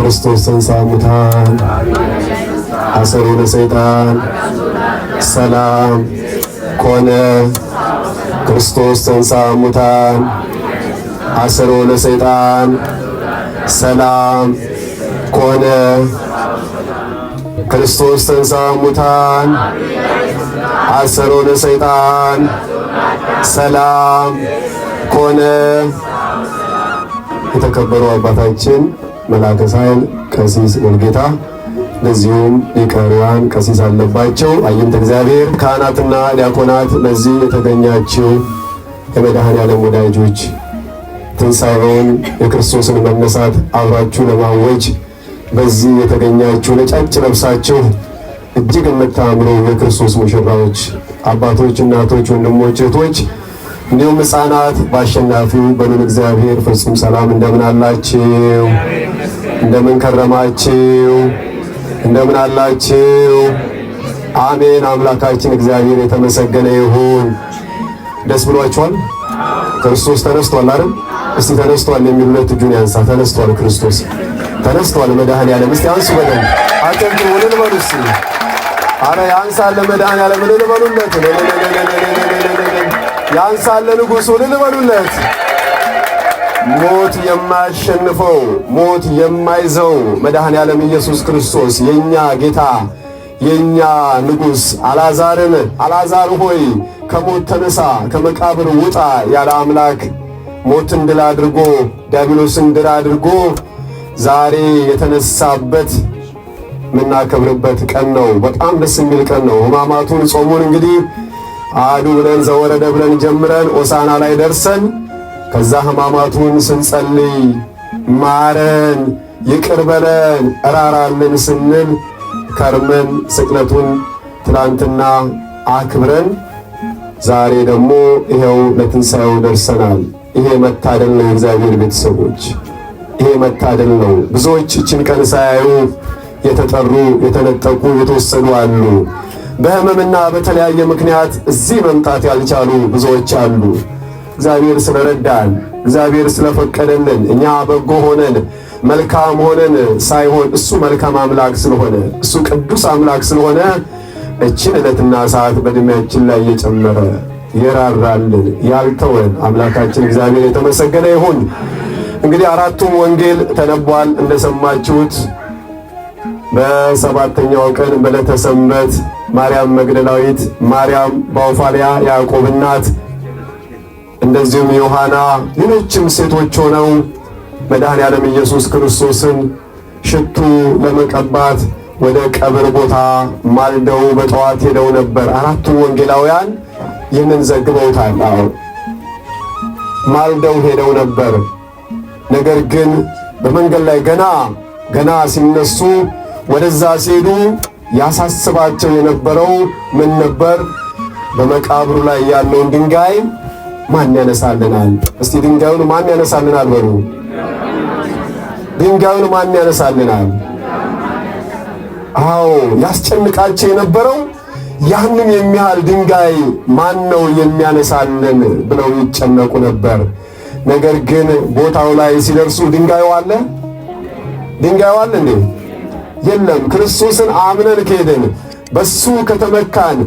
ክርስቶስ ተንሥአ እሙታን አሰሮ ለሰይጣን ሰላም ኮነ። ክርስቶስ ተንሥአ እሙታን አሰሮ ለሰይጣን ሰላም ኮነ። ክርስቶስ ተንሥአ እሙታን አሰሮ ለሰይጣን ሰላም ኮነ። የተከበሩ አባታችን መላከ ሳይል ቀሲስ ወልጌታ እንደዚሁም ሊቀርያን ቀሲስ አለባቸው አይንተ እግዚአብሔር ካህናትና ዲያቆናት በዚህ የተገኛችው የመድኃኔዓለም ወዳጆች ትንሣኤውን የክርስቶስን መነሳት አብራችሁ ለማወጅ በዚህ የተገኛችሁ ነጫጭ ለብሳችሁ እጅግ የምታምሩ የክርስቶስ ሙሽራዎች አባቶች፣ እናቶች፣ ወንድሞች፣ እህቶች እንዲሁም ሕፃናት በአሸናፊው በሉል እግዚአብሔር ፍጹም ሰላም እንደምን አላችሁ? እንደምን ከረማችሁ? እንደምን አላችሁ? አሜን። አምላካችን እግዚአብሔር የተመሰገነ ይሁን። ደስ ብሏችኋል? ክርስቶስ ተነስቷል አይደል? እስቲ ተነስቷል የሚል ሁለት እጁን ያንሳ። ተነስቷል፣ ክርስቶስ ተነስቷል። መድኃኔ እስቲ አንሱ፣ በደንብ አጨብጭቡ፣ እልል ወሩስ አረ ያንሳል መድኃኔ ዓለም እልል በሉለት። ያንሳል ንጉሡ ሞት የማያሸንፈው ሞት የማይዘው መድኃኔ ዓለም ኢየሱስ ክርስቶስ የኛ ጌታ የኛ ንጉሥ አላዛርን አላዛር ሆይ ከሞት ተነሳ፣ ከመቃብር ውጣ ያለ አምላክ ሞትን ድል አድርጎ ዲያብሎስን ድል አድርጎ ዛሬ የተነሳበት የምናከብርበት ቀን ነው። በጣም ደስ የሚል ቀን ነው። ሕማማቱን ጾሙን እንግዲህ አዱ ብለን ዘወረደ ብለን ጀምረን ኦሳና ላይ ደርሰን ከዛ ሕማማቱን ስንጸልይ ማረን፣ ይቅር በለን፣ እራራልን ስንል ከርመን ስቅለቱን ትናንትና አክብረን ዛሬ ደግሞ ይኸው ለትንሣኤው ደርሰናል። ይሄ መታደል ነው፣ የእግዚአብሔር ቤተሰቦች፣ ይሄ መታደል ነው። ብዙዎች እችን ቀን ሳያዩ የተጠሩ፣ የተነጠቁ፣ የተወሰዱ አሉ። በህመምና በተለያየ ምክንያት እዚህ መምጣት ያልቻሉ ብዙዎች አሉ። እግዚአብሔር ስለረዳን፣ እግዚአብሔር ስለፈቀደልን፣ እኛ በጎ ሆነን መልካም ሆነን ሳይሆን እሱ መልካም አምላክ ስለሆነ እሱ ቅዱስ አምላክ ስለሆነ እችን ዕለትና ሰዓት በእድሜያችን ላይ እየጨመረ የራራልን ያልተወን አምላካችን እግዚአብሔር የተመሰገነ ይሁን። እንግዲህ አራቱም ወንጌል ተነቧል እንደሰማችሁት። በሰባተኛው ቀን በዕለተ ሰንበት ማርያም መግደላዊት፣ ማርያም ባውፋሊያ ያዕቆብ እናት እንደዚሁም ዮሐና ሌሎችም ሴቶች ሆነው መድኃኔ ዓለም ኢየሱስ ክርስቶስን ሽቱ ለመቀባት ወደ ቀብር ቦታ ማልደው በጠዋት ሄደው ነበር። አራቱ ወንጌላውያን ይህንን ዘግበውታል። አዎ ማልደው ሄደው ነበር። ነገር ግን በመንገድ ላይ ገና ገና ሲነሱ ወደዛ ሲሄዱ ያሳስባቸው የነበረው ምን ነበር? በመቃብሩ ላይ ያለውን ድንጋይ ማን ያነሳልናል? እስቲ ድንጋዩን ማን ያነሳልናል በሉ። ድንጋዩን ማን ያነሳልናል? አዎ ያስጨንቃቸው የነበረው ያንን የሚያህል ድንጋይ ማን ነው የሚያነሳልን ብለው ይጨነቁ ነበር። ነገር ግን ቦታው ላይ ሲደርሱ ድንጋዩ አለ፣ ድንጋዩ አለ እንዴ? የለም። ክርስቶስን አምነን ከሄድን በሱ ከተመካን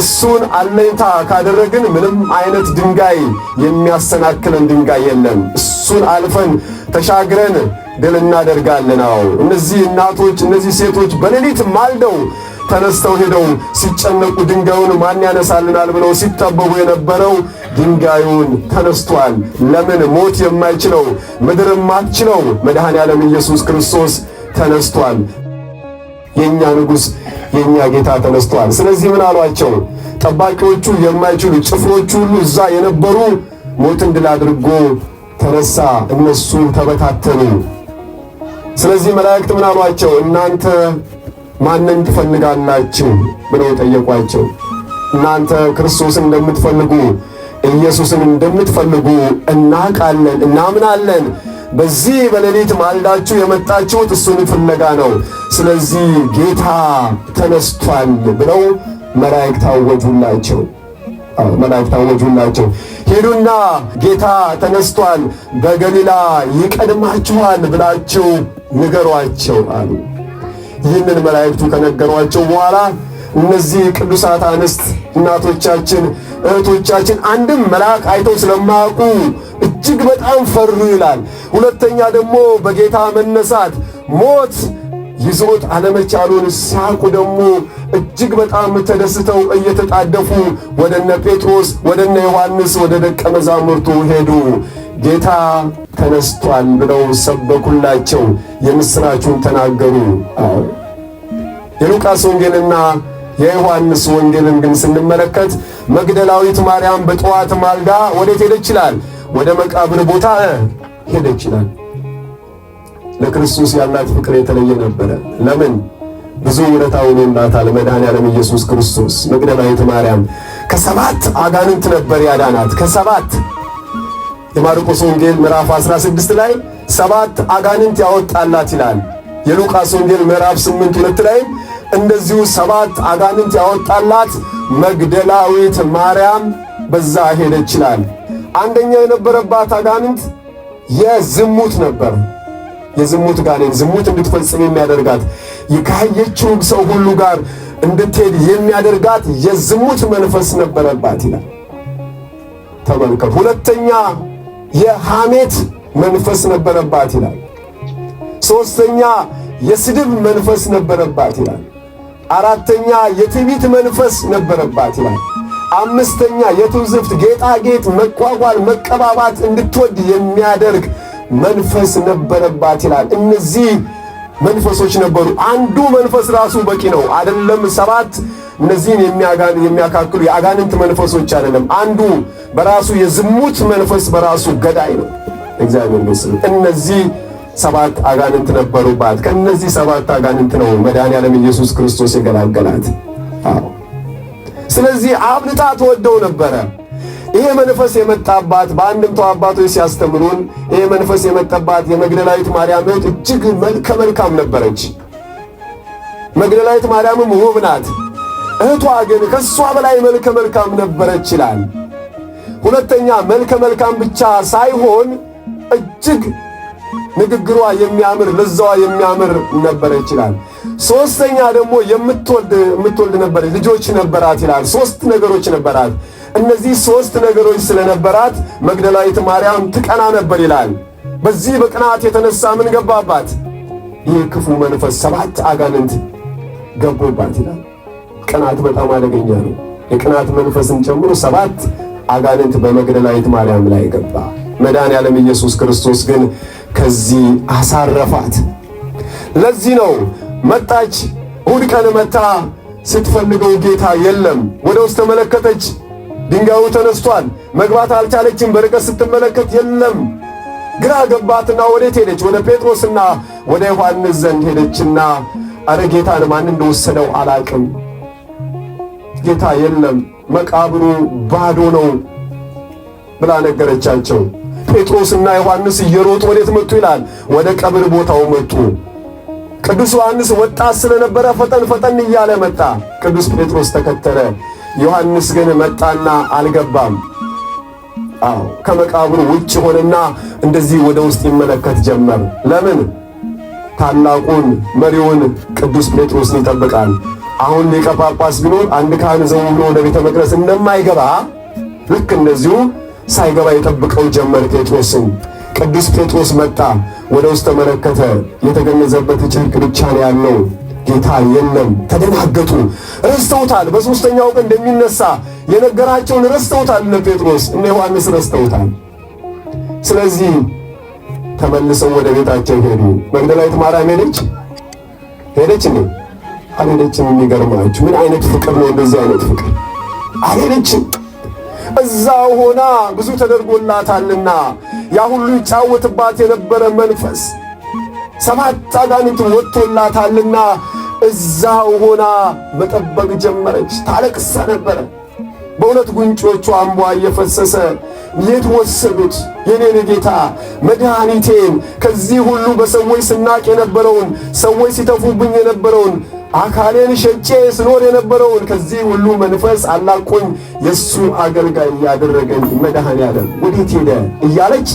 እሱን አለኝታ ካደረግን ምንም አይነት ድንጋይ የሚያሰናክለን ድንጋይ የለም። እሱን አልፈን ተሻግረን ድል እናደርጋለን። አዎ እነዚህ እናቶች እነዚህ ሴቶች በሌሊት ማልደው ተነስተው ሄደው ሲጨነቁ ድንጋዩን ማን ያነሳልናል ብለው ሲጠበቡ የነበረው ድንጋዩን ተነስቷል። ለምን ሞት የማይችለው ምድር የማትችለው መድኃኔ ዓለም ኢየሱስ ክርስቶስ ተነስቷል። የእኛ ንጉሥ የኛ ጌታ ተነስቷል። ስለዚህ ምን አሏቸው? ጠባቂዎቹ የማይችሉ ጭፍሮቹ ሁሉ እዛ የነበሩ ሞትን ድል አድርጎ ተነሳ፣ እነሱ ተበታተኑ። ስለዚህ መላእክት ምን አሏቸው? እናንተ ማንን ትፈልጋላችሁ ብለው ጠየቋቸው። እናንተ ክርስቶስን እንደምትፈልጉ ኢየሱስን እንደምትፈልጉ እናውቃለን፣ እናምናለን በዚህ በሌሊት ማልዳችሁ የመጣችሁት እሱን ፍለጋ ነው። ስለዚህ ጌታ ተነስቷል ብለው መላእክት አወጁላቸው። መላእክት አወጁላቸው። ሄዱና ጌታ ተነስቷል፣ በገሊላ ይቀድማችኋል ብላችሁ ንገሯቸው አሉ። ይህንን መላእክቱ ከነገሯቸው በኋላ እነዚህ ቅዱሳት አንስት እናቶቻችን እህቶቻችን አንድም መልአክ አይተው ስለማያውቁ እጅግ በጣም ፈሩ ይላል። ሁለተኛ ደግሞ በጌታ መነሳት ሞት ይዞት አለመቻሉን ሳቁ። ደግሞ እጅግ በጣም ተደስተው እየተጣደፉ ወደነ ጴጥሮስ ወደነ ዮሐንስ ወደ ደቀ መዛሙርቱ ሄዱ። ጌታ ተነስቷል ብለው ሰበኩላቸው፣ የምሥራቹን ተናገሩ። የሉቃስ ወንጌልና የዮሐንስ ወንጌልን ግን ስንመለከት መግደላዊት ማርያም በጠዋት ማልዳ ወዴት ሄደች ይችላል? ወደ መቃብር ቦታ ሄደች ይችላል። ለክርስቶስ ያላት ፍቅር የተለየ ነበረ። ለምን? ብዙ ውለታ ውሎላታል መድኃኔዓለም ኢየሱስ ክርስቶስ። መግደላዊት ማርያም ከሰባት አጋንንት ነበር ያዳናት። ከሰባት የማርቆስ ወንጌል ምዕራፍ 16 ላይ ሰባት አጋንንት ያወጣላት ይላል። የሉቃስ ወንጌል ምዕራፍ 8 ሁለት ላይ እንደዚሁ ሰባት አጋንንት ያወጣላት መግደላዊት ማርያም በዛ ሄደች ይላል። አንደኛው የነበረባት አጋንንት የዝሙት ነበር። የዝሙት ጋኔን ዝሙት እንድትፈጽም የሚያደርጋት ከያየችው ሰው ሁሉ ጋር እንድትሄድ የሚያደርጋት የዝሙት መንፈስ ነበረባት ይላል። ተመልከቱ። ሁለተኛ የሐሜት መንፈስ ነበረባት ይላል። ሶስተኛ የስድብ መንፈስ ነበረባት ይላል። አራተኛ የትዕቢት መንፈስ ነበረባት ይላል። አምስተኛ የትውዝፍት ጌጣጌጥ፣ መቋቋል መቀባባት እንድትወድ የሚያደርግ መንፈስ ነበረባት ይላል። እነዚህ መንፈሶች ነበሩ። አንዱ መንፈስ ራሱ በቂ ነው አይደለም። ሰባት እነዚህን የሚያካክሉ የአጋንንት መንፈሶች አይደለም። አንዱ በራሱ የዝሙት መንፈስ በራሱ ገዳይ ነው። እግዚአብሔር ይመስገን እነዚህ ሰባት አጋንንት ነበሩባት። ከነዚህ ሰባት አጋንንት ነው መድኃኒዓለም ኢየሱስ ክርስቶስ የገላገላት። ስለዚህ አብልጣ ትወደው ነበረ። ይሄ መንፈስ የመጣባት በአንድምታ አባቶች ሲያስተምሩን ይሄ መንፈስ የመጣባት የመግደላዊት ማርያም እህት እጅግ መልከ መልካም ነበረች። መግደላዊት ማርያምም ውብ ናት። እህቷ ግን ከሷ በላይ መልከ መልካም ነበረች ይላል። ሁለተኛ መልከ መልካም ብቻ ሳይሆን እጅግ ንግግሯ የሚያምር ለዛዋ የሚያምር ነበረ ይችላል። ሶስተኛ ደግሞ የምትወልድ የምትወልድ ነበረ ልጆች ነበራት ይላል። ሶስት ነገሮች ነበራት። እነዚህ ሶስት ነገሮች ስለነበራት መግደላዊት ማርያም ትቀና ነበር ይላል። በዚህ በቅናት የተነሳ ምን ገባባት? ይህ ክፉ መንፈስ ሰባት አጋንንት ገቡባት ይላል። ቅናት በጣም አደገኛ ነው። የቅናት መንፈስን ጨምሮ ሰባት አጋንንት በመግደላዊት ማርያም ላይ ገባ። መዳን ያለም ኢየሱስ ክርስቶስ ግን ከዚህ አሳረፋት። ለዚህ ነው መጣች፣ እሁድ ቀን መታ ስትፈልገው ጌታ የለም። ወደ ውስጥ ተመለከተች፣ ድንጋዩ ተነስቷል። መግባት አልቻለችም። በርቀት ስትመለከት የለም። ግራ ገባትና ወዴት ሄደች? ወደ ጴጥሮስና ወደ ዮሐንስ ዘንድ ሄደችና አረ ጌታን ማን እንደወሰደው አላቅም። ጌታ የለም፣ መቃብሩ ባዶ ነው ብላ ነገረቻቸው። ጴጥሮስና ዮሐንስ እየሮጡ ወዴት መጡ ይላል? ወደ ቀብር ቦታው መጡ። ቅዱስ ዮሐንስ ወጣት ስለነበረ ፈጠን ፈጠን እያለ መጣ። ቅዱስ ጴጥሮስ ተከተለ። ዮሐንስ ግን መጣና አልገባም። አዎ ከመቃብሩ ውጭ ሆነና እንደዚህ ወደ ውስጥ ይመለከት ጀመር። ለምን? ታላቁን መሪውን ቅዱስ ጴጥሮስን ይጠብቃል። አሁን ሊቀ ጳጳስ ቢኖር አንድ ካህን ዘው ብሎ ወደ ቤተ መቅደስ እንደማይገባ ልክ እንደዚሁ ሳይገባ የጠብቀው ጀመር ጴጥሮስን። ቅዱስ ጴጥሮስ መጣ፣ ወደ ውስጥ ተመለከተ። የተገነዘበት ጨርቅ ብቻ ነው ያለው፣ ጌታ የለም። ተደናገጡ፣ ረስተውታል። በሦስተኛው ቀን እንደሚነሳ የነገራቸውን ረስተውታል። እነ ጴጥሮስ እነ ዮሐንስ ረስተውታል። ስለዚህ ተመልሰው ወደ ቤታቸው ሄዱ። መግደላዊት ማርያም ሄደች ሄደች እንዴ? አልሄደችም። የሚገርማችሁ ምን አይነት ፍቅር ነው! እንደዚህ አይነት ፍቅር አልሄደችም። እዛው ሆና ብዙ ተደርጎላታልና ያ ሁሉ ይጫወትባት የነበረ መንፈስ ሰባት አጋንንት ወጥቶላታልና እዛው ሆና መጠበቅ ጀመረች። ታለቅሳ ነበረ። በእውነት ጉንጮቹ አምቧ እየፈሰሰ የት ወሰዱት የኔን ጌታ መድኃኒቴን? ከዚህ ሁሉ በሰዎች ስናቅ የነበረውን ሰዎች ሲተፉብኝ የነበረውን አካሌን ሸጬ ስኖር የነበረውን ከዚህ ሁሉ መንፈስ አላቆኝ የእሱ አገልጋይ ያደረገኝ መድኃኔዓለም ወዴት ሄደ እያለች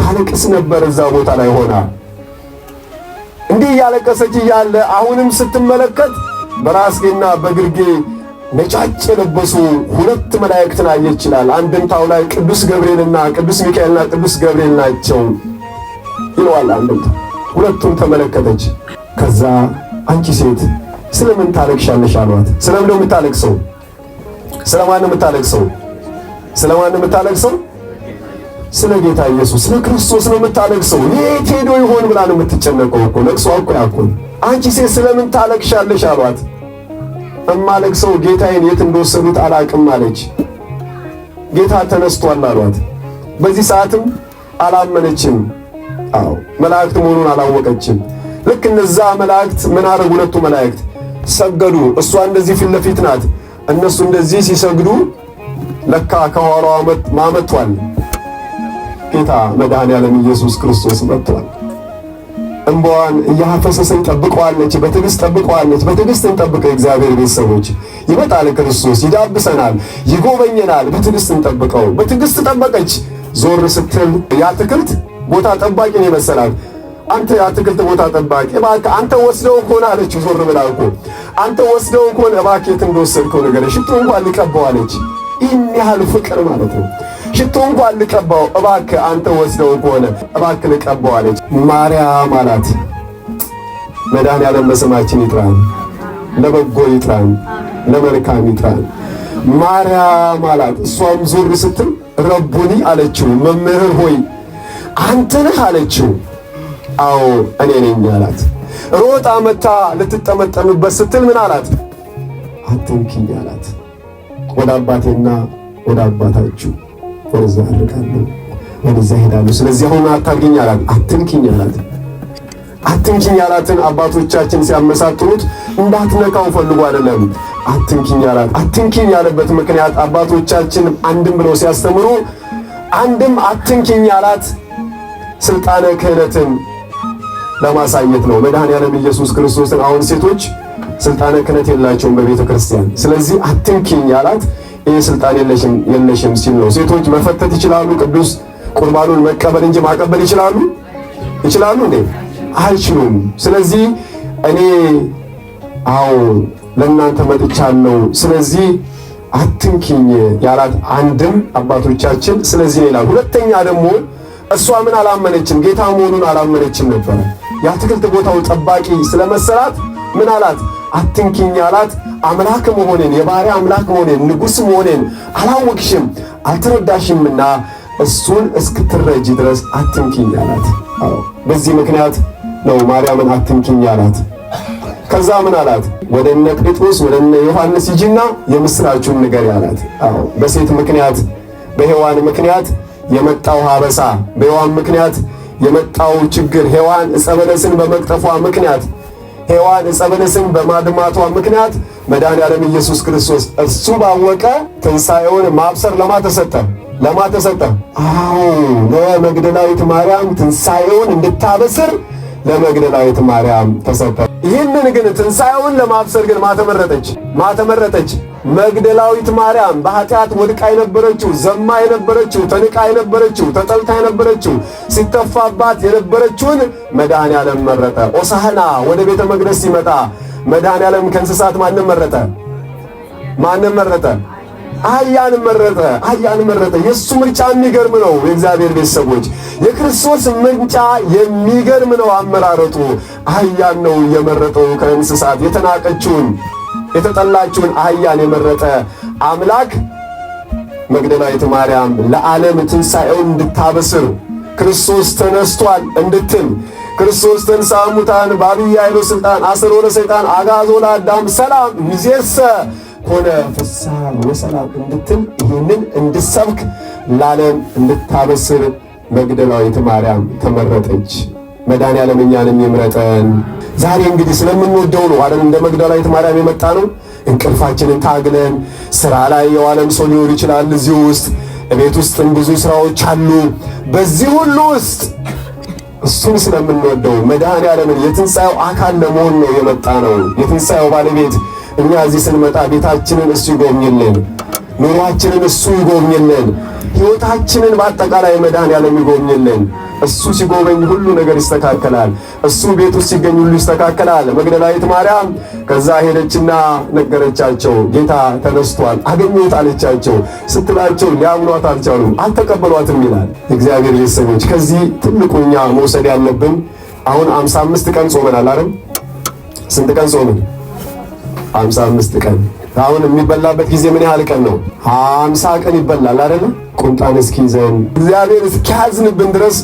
ታለቅስ ነበር። እዛ ቦታ ላይ ሆና እንዲህ እያለቀሰች እያለ አሁንም ስትመለከት በራስጌና በግርጌ ነጫጭ የለበሱ ሁለት መላእክትን አየች ይችላል። አንድምታው ላይ ቅዱስ ገብርኤልና ቅዱስ ሚካኤልና ቅዱስ ገብርኤል ናቸው ይለዋል። አንድምታ ሁለቱን ተመለከተች። ከዛ አንቺ ሴት ስለምን ታለቅሻለሽ አሏት። ስለምን ነው የምታለቅሰው? ስለማን ነው የምታለቅሰው? ስለማን ነው የምታለቅሰው? ስለ ጌታ ኢየሱስ ስለ ክርስቶስ ነው የምታለቅሰው። የት ሄዶ ይሆን ብላ ነው የምትጨነቀው እኮ ለቅሶ እኮ ያኩን። አንቺ ሴት ስለምን ታለቅሻለሽ አሏት። እማለቅሰው ጌታዬን የት እንደወሰዱት አላቅም አለች። ጌታ ተነስቷል አሏት። በዚህ ሰዓትም አላመነችም። አዎ መላእክት መሆኑን አላወቀችም። ልክ እነዛ መላእክት ምን አረጉ? ሁለቱ መላእክት ሰገዱ። እሷ እንደዚህ ፊት ለፊት ናት፣ እነሱ እንደዚህ ሲሰግዱ ለካ ከኋላዋ ማመቷል። ጌታ መድኃኔ ያለም ኢየሱስ ክርስቶስ መጥቷል። እንባዋን እያፈሰሰኝ ጠብቀዋለች። በትዕግስት ጠብቀዋለች። በትዕግስት እንጠብቀ እግዚአብሔር ቤተሰቦች ይመጣል ክርስቶስ፣ ይዳብሰናል፣ ይጎበኘናል። በትዕግስት እንጠብቀው። በትዕግስት ጠበቀች። ዞር ስትል ያ አትክልት ቦታ ጠባቂ ነው የመሰላት አንተ የአትክልት ቦታ ጠባቂ እባክህ አንተ ወስደው ከሆነ አለች። ዞር ብላ እኮ አንተ ወስደው ከሆነ እባክህ የት እንደወሰድከው ነገር ሽቶ እንኳን ልቀባው አለች። ይህን ያህል ፍቅር ማለት ነው። ሽቶ እንኳን ልቀባው እባክህ አንተ ወስደው ከሆነ እባክህ ልቀባው አለች። ማርያም አላት። መድኃኒዓለም በስማችን ይጥራን፣ ለበጎ ይጥራን፣ ለመልካም ይጥራን። ማርያም አላት። እሷም ዞር ስትል ረቡኒ አለችው፣ መምህር ሆይ አንተ ነህ አለችው። አዎ እኔ ነኝ አላት። ሮጣ መታ ልትጠመጠምበት ስትል ምን አላት? አትንኪኝ አላት። ወደ አባቴና ወደ አባታችሁ ወደዛ አድርጋለሁ ወደዛ ሄዳሉ። ስለዚህ አሁን አታርግኝ አላት። አትንኪኝ አላት። አትንኪኝ አላትን አባቶቻችን ሲያመሳክሩት እንዳትነካው ፈልጎ አይደለም። አትንኪኝ አላት። አትንኪኝ ያለበት ምክንያት አባቶቻችን አንድም ብለው ሲያስተምሩ አንድም አትንኪኝ አላት ስልጣነ ክህነትን ለማሳየት ነው። መድኃኔዓለም ኢየሱስ ክርስቶስን አሁን ሴቶች ስልጣነ ክህነት የላቸውም በቤተ ክርስቲያን። ስለዚህ አትንኪኝ ያላት ይህ ስልጣን የለሽም ሲል ነው። ሴቶች መፈተት ይችላሉ፣ ቅዱስ ቁርባኑን መቀበል እንጂ ማቀበል ይችላሉ ይችላሉ እንዴ? አይችሉም። ስለዚህ እኔ አዎ ለእናንተ መጥቻለሁ፣ ስለዚህ አትንኪኝ ያላት አንድም አባቶቻችን ስለዚህ ነው ይላል። ሁለተኛ ደግሞ እሷ ምን አላመነችም፣ ጌታ መሆኑን አላመነችም ነበረ። የአትክልት ቦታው ጠባቂ ስለመሰላት ምን አላት? አትንኪኝ አላት። አምላክ መሆኔን የባሪያ አምላክ መሆኔን ንጉሥ መሆኔን አላወቅሽም አልተረዳሽምና እሱን እስክትረጂ ድረስ አትንኪኝ አላት። በዚህ ምክንያት ነው ማርያምን አትንኪኝ አላት። ከዛ ምን አላት? ወደ እነ ጴጥሮስ ወደ እነ ዮሐንስ ሂጂና የምስራቹን ንገሪ አላት። በሴት ምክንያት በሔዋን ምክንያት የመጣው ሀበሳ በሔዋን ምክንያት የመጣው ችግር ሔዋን ዕፀ በለስን በመቅጠፏ ምክንያት ሔዋን ዕፀ በለስን በማድማቷ ምክንያት ያለም ኢየሱስ ክርስቶስ እሱ ባወቀ ትንሣኤውን ማብሰር ለማ ተሰጠ ለማ ተሰጠ። አዎ ለመግደላዊት ማርያም ትንሣኤውን እንድታበስር ለመግደላዊት ማርያም ተሰጠ። ይህንን ግን ትንሣኤውን ለማብሰር ግን ማተመረጠች ማተመረጠች መግደላዊት ማርያም በኃጢአት ወድቃ የነበረችው፣ ዘማ የነበረችው፣ ተንቃ የነበረችው፣ ተጠልታ የነበረችው፣ ሲተፋባት የነበረችውን መድኃኔ ዓለም መረጠ። ኦሳህና ወደ ቤተ መቅደስ ሲመጣ መድኃኔ ዓለም ከእንስሳት ማንም መረጠ? ማንም መረጠ? አህያን መረጠ። አህያን መረጠ። የእሱ ምርጫ የሚገርም ነው። የእግዚአብሔር ቤተሰቦች የክርስቶስ ምርጫ የሚገርም ነው። አመራረጡ አህያን ነው የመረጠው ከእንስሳት የተናቀችውን የተጠላችውን አህያን የመረጠ አምላክ መግደላዊት ማርያም ለዓለም ትንሣኤውን እንድታበስር ክርስቶስ ተነስቷል እንድትል ክርስቶስ ተንሥአ እሙታን በዐቢይ ኃይሉ ሥልጣን አሰሮ ለሰይጣን አግዓዞ ለአዳም ሰላም ሚዜሰ ኮነ ፍስሐ ወሰላም እንድትል ይህንን እንድሰብክ ለዓለም እንድታበስር መግደላዊት ማርያም ተመረጠች። መዳን ያለምኛንም ይምረጠን። ዛሬ እንግዲህ ስለምንወደው ነው አይደል? እንደ መግደላዊት ማርያም የመጣ ነው። እንቅልፋችንን ታግለን ስራ ላይ የዋለም ሰው ሊሆን ይችላል። እዚህ ውስጥ ቤት ውስጥም ብዙ ስራዎች አሉ። በዚህ ሁሉ ውስጥ እሱን ስለምንወደው መድኃኔዓለምን የትንሣኤው አካል ለመሆን ነው የመጣ ነው። የትንሣኤው ባለቤት እኛ እዚህ ስንመጣ ቤታችንን እሱ ይጎብኝልን፣ ኑሯችንን እሱ ይጎብኝልን፣ ሕይወታችንን በአጠቃላይ መድኃኔዓለም ይጎብኝልን። እሱ ሲጎበኝ ሁሉ ነገር ይስተካከላል። እሱ ቤት ውስጥ ሲገኝ ሁሉ ይስተካከላል። መግደላዊት ማርያም ከዛ ሄደችና ነገረቻቸው፣ ጌታ ተነስቷል አገኘት አለቻቸው። ስትላቸው ሊያምኗት አልቻሉም፣ አልተቀበሏትም ይላል። እግዚአብሔር ቤተሰቦች ከዚህ ትልቁ እኛ መውሰድ ያለብን አሁን አምሳ አምስት ቀን ጾመናል አይደል? ስንት ቀን ጾምን? አምሳ አምስት ቀን አሁን የሚበላበት ጊዜ ምን ያህል ቀን ነው? ሀምሳ ቀን ይበላል አይደለ? ቁምጣን እስኪይዘን እግዚአብሔር እስኪያዝንብን ድረስ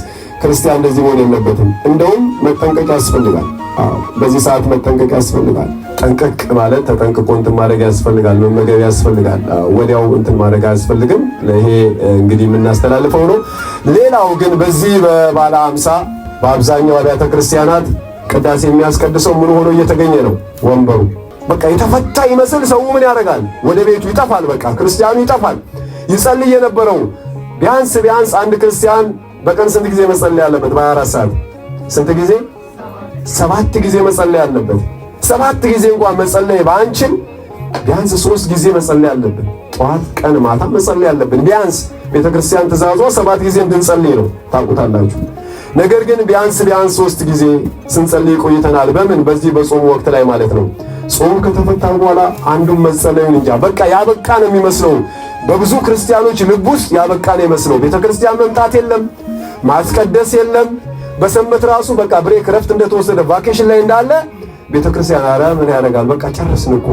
ክርስቲያን እንደዚህ መሆን የለበትም። እንደውም መጠንቀቅ ያስፈልጋል። በዚህ ሰዓት መጠንቀቅ ያስፈልጋል። ጠንቀቅ ማለት ተጠንቅቆ እንትን ማድረግ ያስፈልጋል። መመገብ ያስፈልጋል። ወዲያው እንትን ማድረግ አያስፈልግም። ይሄ እንግዲህ የምናስተላልፈው ነው። ሌላው ግን በዚህ በባለ አምሳ በአብዛኛው አብያተ ክርስቲያናት ቅዳሴ የሚያስቀድሰው ምን ሆኖ እየተገኘ ነው? ወንበሩ በቃ የተፈታ ይመስል ሰው ምን ያደርጋል? ወደ ቤቱ ይጠፋል። በቃ ክርስቲያኑ ይጠፋል። ይጸልይ የነበረው ቢያንስ ቢያንስ አንድ ክርስቲያን በቀን ስንት ጊዜ መጸለይ አለበት? በ24 ሰዓት ስንት ጊዜ? ሰባት ጊዜ መጸለይ አለበት። ሰባት ጊዜ እንኳን መጸለይ በአንችል ቢያንስ ሶስት ጊዜ መጸለይ አለብን። ጠዋት፣ ቀን፣ ማታ መጸለይ አለብን። ቢያንስ ቤተክርስቲያን ተዛዞ ሰባት ጊዜ እንድንጸልይ ነው። ታውቁታላችሁ። ነገር ግን ቢያንስ ቢያንስ ሶስት ጊዜ ስንጸልይ ቆይተናል። በምን በዚህ በጾም ወቅት ላይ ማለት ነው። ጾም ከተፈታ በኋላ አንዱን መጸለዩን እንጃ በቃ ያበቃ ነው የሚመስለው። በብዙ ክርስቲያኖች ልብ ውስጥ ያበቃ ነው የሚመስለው። ቤተክርስቲያን መምጣት የለም ማስቀደስ የለም። በሰንበት ራሱ በቃ ብሬክ ረፍት እንደተወሰደ ቫኬሽን ላይ እንዳለ ቤተክርስቲያን አረ ምን ያደርጋል በቃ ጨረስን እኮ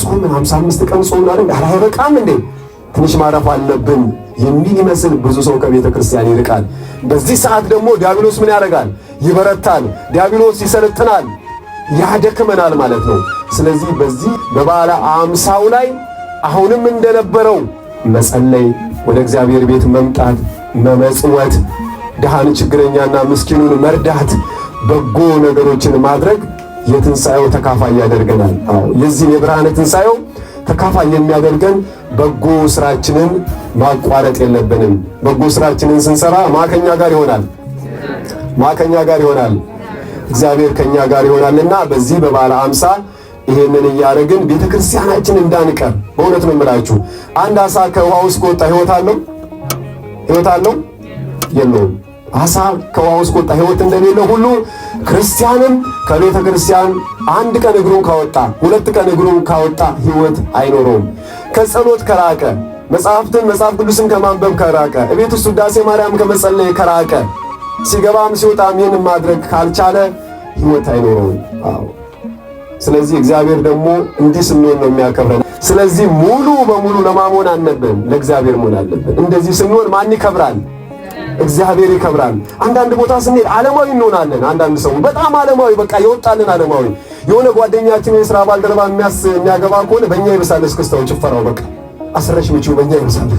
ጾም ሃምሳ 55 ቀን ጾም አይደል አረ አይበቃም እንዴ ትንሽ ማረፍ አለብን የሚል ይመስል ብዙ ሰው ከቤተክርስቲያን ይልቃል ይርቃል። በዚህ ሰዓት ደግሞ ዲያብሎስ ምን ያደርጋል? ይበረታል። ዲያብሎስ ይሰለጥናል፣ ያደክመናል ማለት ነው። ስለዚህ በዚህ በበዓለ አምሳው ላይ አሁንም እንደነበረው መጸለይ፣ ወደ እግዚአብሔር ቤት መምጣት፣ መመጽወት ድሃን ችግረኛና ምስኪኑን መርዳት፣ በጎ ነገሮችን ማድረግ የትንሣኤው ተካፋይ ያደርገናል። የዚህ የብርሃነ ትንሣኤው ተካፋይ የሚያደርገን በጎ ስራችንን ማቋረጥ የለብንም። በጎ ስራችንን ስንሰራ ማከኛ ጋር ይሆናል ማከኛ ጋር ይሆናል እግዚአብሔር ከኛ ጋር ይሆናልና በዚህ በበዓለ ሃምሳ ይሄንን እያደረግን ቤተ ክርስቲያናችን እንዳንቀር በእውነት ነው የምላችሁ። አንድ አሳ ከውሃ ውስጥ ከወጣ ህይወት አለው አለው የለውም። አሳ ከውሃ ውስጥ ከወጣ እንደሌለ ሁሉ ክርስቲያንም ከቤተ ክርስቲያን አንድ ቀን እግሩን ካወጣ ሁለት ቀን እግሩን ካወጣ ህይወት አይኖረውም። ከጸሎት ከራቀ መጽሐፍትን መጽሐፍ ቅዱስን ከማንበብ ከራቀ እቤት ውስጥ ውዳሴ ማርያም ከመጸለይ ከራቀ ሲገባም ሲወጣም ይህን ማድረግ ካልቻለ ህይወት አይኖረውም። አዎ። ስለዚህ እግዚአብሔር ደግሞ እንዲህ ስንሆን ነው የሚያከብረን። ስለዚህ ሙሉ በሙሉ ለማመን አለብን፣ ለእግዚአብሔር መሆን አለብን። እንደዚህ ስንሆን ማን ይከብራል? እግዚአብሔር ይከብራል። አንዳንድ ቦታ ስንሄድ ዓለማዊ እንሆናለን። አንዳንድ ሰው በጣም ዓለማዊ በቃ ይወጣልን ዓለማዊ የሆነ ጓደኛችን የሥራ ባልደረባ የሚያስ የሚያገባ ከሆነ በእኛ ይብሳል። እስክስታው ጭፈራው በቃ አስረሽ ምቹ በእኛ ይብሳል።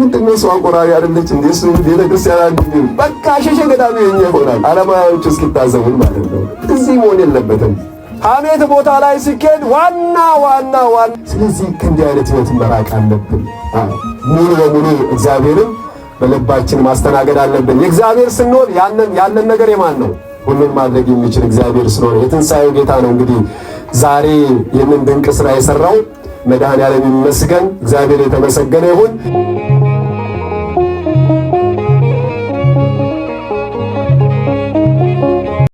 ምንድነ ሰው አንቆራሪ አይደለች እንዴ? እሱ ቤተ ክርስቲያን አንድ በቃ ሸሸ ገዳሚ የኛ ይሆናል። ዓለማዊዎች እስኪታዘቡን ማለት ነው። እዚህ መሆን የለበትም። ሐሜት ቦታ ላይ ሲኬድ ዋና ዋና ዋና ስለዚህ ከእንዲህ አይነት ህይወት መራቅ አለብን ሙሉ በሙሉ እግዚአብሔርም በልባችን ማስተናገድ አለብን። የእግዚአብሔር ስንሆን ያንን ያለን ነገር የማን ነው? ሁሉን ማድረግ የሚችል እግዚአብሔር ስለሆነ የትንሣኤው ጌታ ነው። እንግዲህ ዛሬ ይህንን ድንቅ ስራ የሰራው መድኃኔ ዓለም ይመስገን። እግዚአብሔር የተመሰገነ ይሁን።